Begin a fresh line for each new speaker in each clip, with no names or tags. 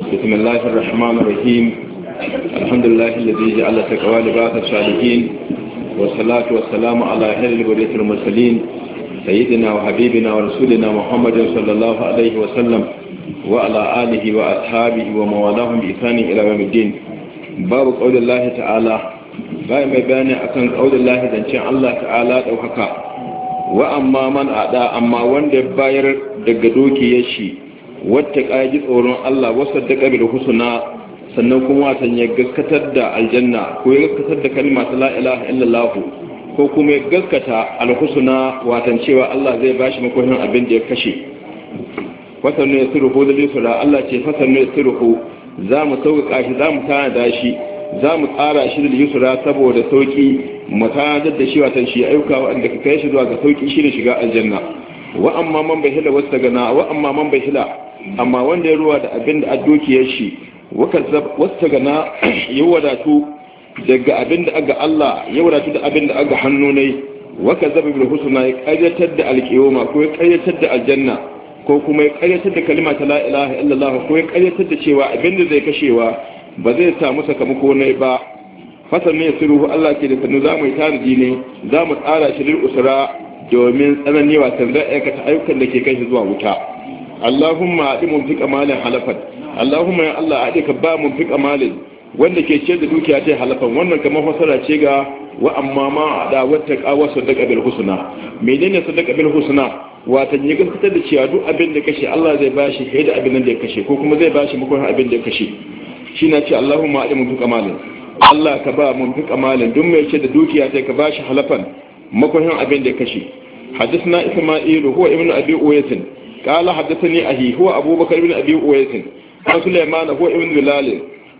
بسم الله الرحمن الرحيم الحمد لله الذي جعل تقوى لباس الصالحين والصلاة والسلام على أهل البرية المرسلين سيدنا وحبيبنا ورسولنا محمد صلى الله عليه وسلم وعلى آله وأصحابه وموالاهم بإحسان إلى يوم الدين باب قول الله تعالى باي mai bayani akan kaulin lahi zancen Allah ta'ala ɗaukaka wa amma man ada amma wanda bayar daga dokiyar shi wata ƙaji tsoron Allah wasu da ƙabil husuna sannan kuma wasan ya gaskatar da aljanna ko ya gaskatar da kalma ta la ilaha illallah ko kuma ya gaskata alhusuna watan cewa Allah zai bashi makonin abin da ya kashe watan ne sirhu da da Allah ce fasan ne sirhu za mu sauƙaƙa shi za mu tanada shi za mu tsara shi da lisura saboda sauƙi mu tana da shi watan shi ayyuka wanda ka kai shi zuwa ga sauƙi shi ne shiga aljanna wa amma man bai hila wasu gana wa amma man bai hila amma wanda ya ruwa da abin da ya shi wasu gana ya wadatu daga abin da aga Allah ya wadatu da abin da aga hannu ne waka zaba bil husna ya qayyatar da alqiyama ko ya qayyatar da aljanna ko kuma ya qayyatar da kalima ta la ilaha illallah ko ya qayyatar da cewa abin da zai kashewa ba zai samu sakamako ne ba fasal ne suruhu Allah ke da sanu zamu tarihi ne mu tsara shi lil usra domin tsanani wasan zai aikata ayyukan da ke kai shi zuwa wuta Allahumma adi mun fi kamalin halafan Allahumma ya Allah adi ka ba mun fi kamalin wanda ke ce da dukiya ta halafan wannan kamar fasara ce ga wa amma ma da wata kawa sadaka bil husna menene sadaka bil husna wata ne gaskiya da cewa duk abin da kashe Allah zai bashi da abin da ya kashe ko kuma zai bashi makon abin da ya kashe shi na ce Allahumma adi mun fi kamalin Allah ka ba mun fi kamalin duk mai ce da dukiya ta ka bashi halafan makonin abin da ya kashe hadisna isma'ilu huwa ibnu abi uwaisin qala hadathani ahi huwa abubakar ibnu abi uwaisin an sulaiman huwa ibnu bilal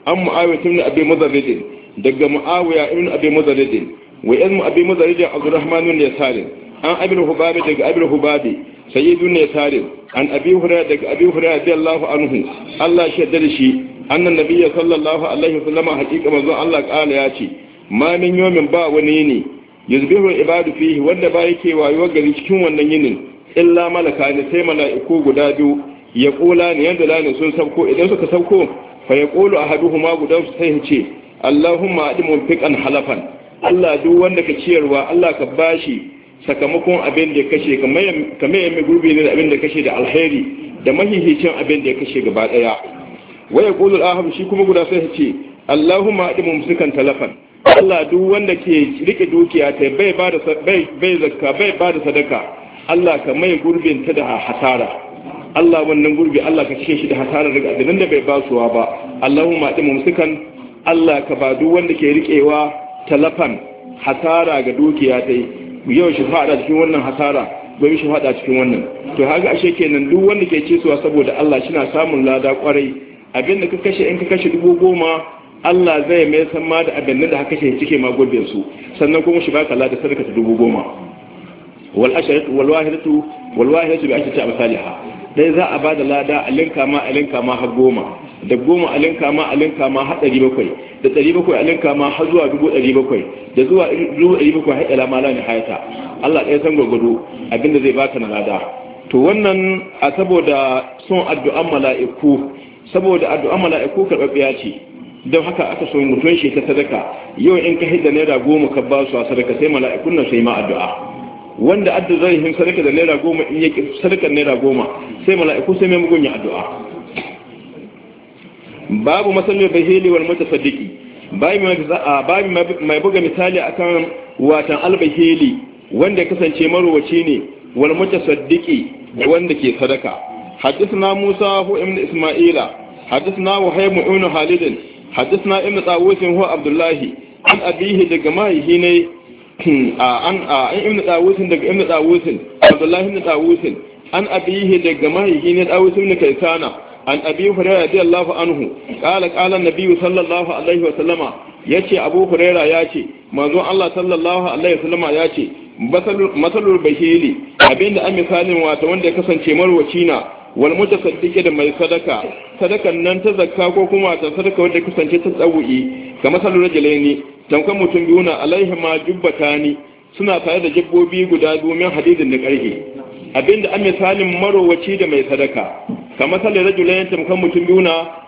an muawiya ibnu abi mudarrid daga muawiya ibnu abi mudarrid wa ibnu abi mudarrid abdurrahman ibn yasar an abi hubabi daga abi hubabi sayyidun yasar an abi hurairah daga abi hurairah radiyallahu anhu Allah shi da shi annan nabiyyi sallallahu alaihi wasallam haqiqa manzo Allah kala ya ce ma min yomin ba wani ne yuzbihu ibadu fihi wanda ba yake wayuwar gari cikin wannan yinin illa malaka ne sai mala'iku guda biyu ya kula ne yanda lani sun sauko idan suka sauko fa ya kulu ahaduhuma guda su sai ce Allahumma adi fiqan halafan Allah duk wanda ka ciyarwa Allah ka bashi sakamakon abin da ya kashe kamar yamma gurbi ne da abin da kashe da alheri da mahihicin abin da ya kashe gaba daya waya kulu ahab shi kuma guda sai ce Allahumma adi mumsikan talafan Allah duk wanda ke rike dukiya ta bai ba da bai bai zakka bai ba da sadaka Allah ka mai gurbin ta da hasara Allah wannan gurbi Allah ka cike shi da hasara daga abin da bai ba basuwa ba Allahumma adi mumsikan Allah ka ba duk wanda ke rikewa talafan hasara ga dukiya ta yau shi fada cikin wannan hasara gobe shi fada cikin wannan to haka ashe kenan duk wanda ke cewa saboda Allah shi na samun lada kwarai Abinda ka kashe in ka kashe dubu goma Allah zai mai san ma da abin da haka shi cike ma su sannan kuma shi baka lada sadaka ta dubu goma wal asharatu wal wahidatu wal wahidatu bi ashrati amsalha dai za a bada lada alinka ma alinka ma har goma da goma alinka ma alinka ma har ɗari bakwai da ɗari bakwai alinka ma har zuwa dubu ɗari bakwai da zuwa dubu ɗari bakwai har ila mala ne hayata Allah ɗaya san gwagwado abinda zai baka na lada to wannan a saboda son addu'an mala'iku saboda addu'an mala'iku karɓaɓɓiya ce don haka aka so mutum shi ta sadaka yau in ka hidda naira goma ka ba su a sadaka sai mala'ikun nan sai ma addu'a wanda adda zai him sadaka da naira goma in ya sadakar naira goma sai mala'iku sai mai mugun ya addu'a babu masallar bahili wal mutasaddiqi babu babu mai buga misali akan watan albahili wanda ya kasance marowaci ne wal mutasaddiqi wanda ke sadaka حدثنا Musa hu ibn isma'ila حدثنا وهيب بن خالد حدثنا ابن طاووس هو عبد الله عن أبيه دقمائي هنا ان ابن طاووس دغ ابن طاووس عبد الله ابن طاووس عن ابيه دقمائي هنا طاووس ابن كيسان عن ابي هريره رضي الله عنه قال قال النبي صلى الله عليه وسلم يتي ابو هريره يأتي ما زو الله صلى الله عليه وسلم masalul مثل مثل an ابين wata wanda واتو kasance marwaci مروچينا wal sadiƙe da mai sadaka sadakan nan ta zakka ko kuma ta sadaka wanda kusance ta tsawu'i ga salu rajulaini tamkan mutum biyu na alaihi ma jubbatani suna tare da jabbobi guda domin hadidin da karhe abinda an misalin marowaci da mai sadaka kamar salu rajulaini tamkan mutum biyu na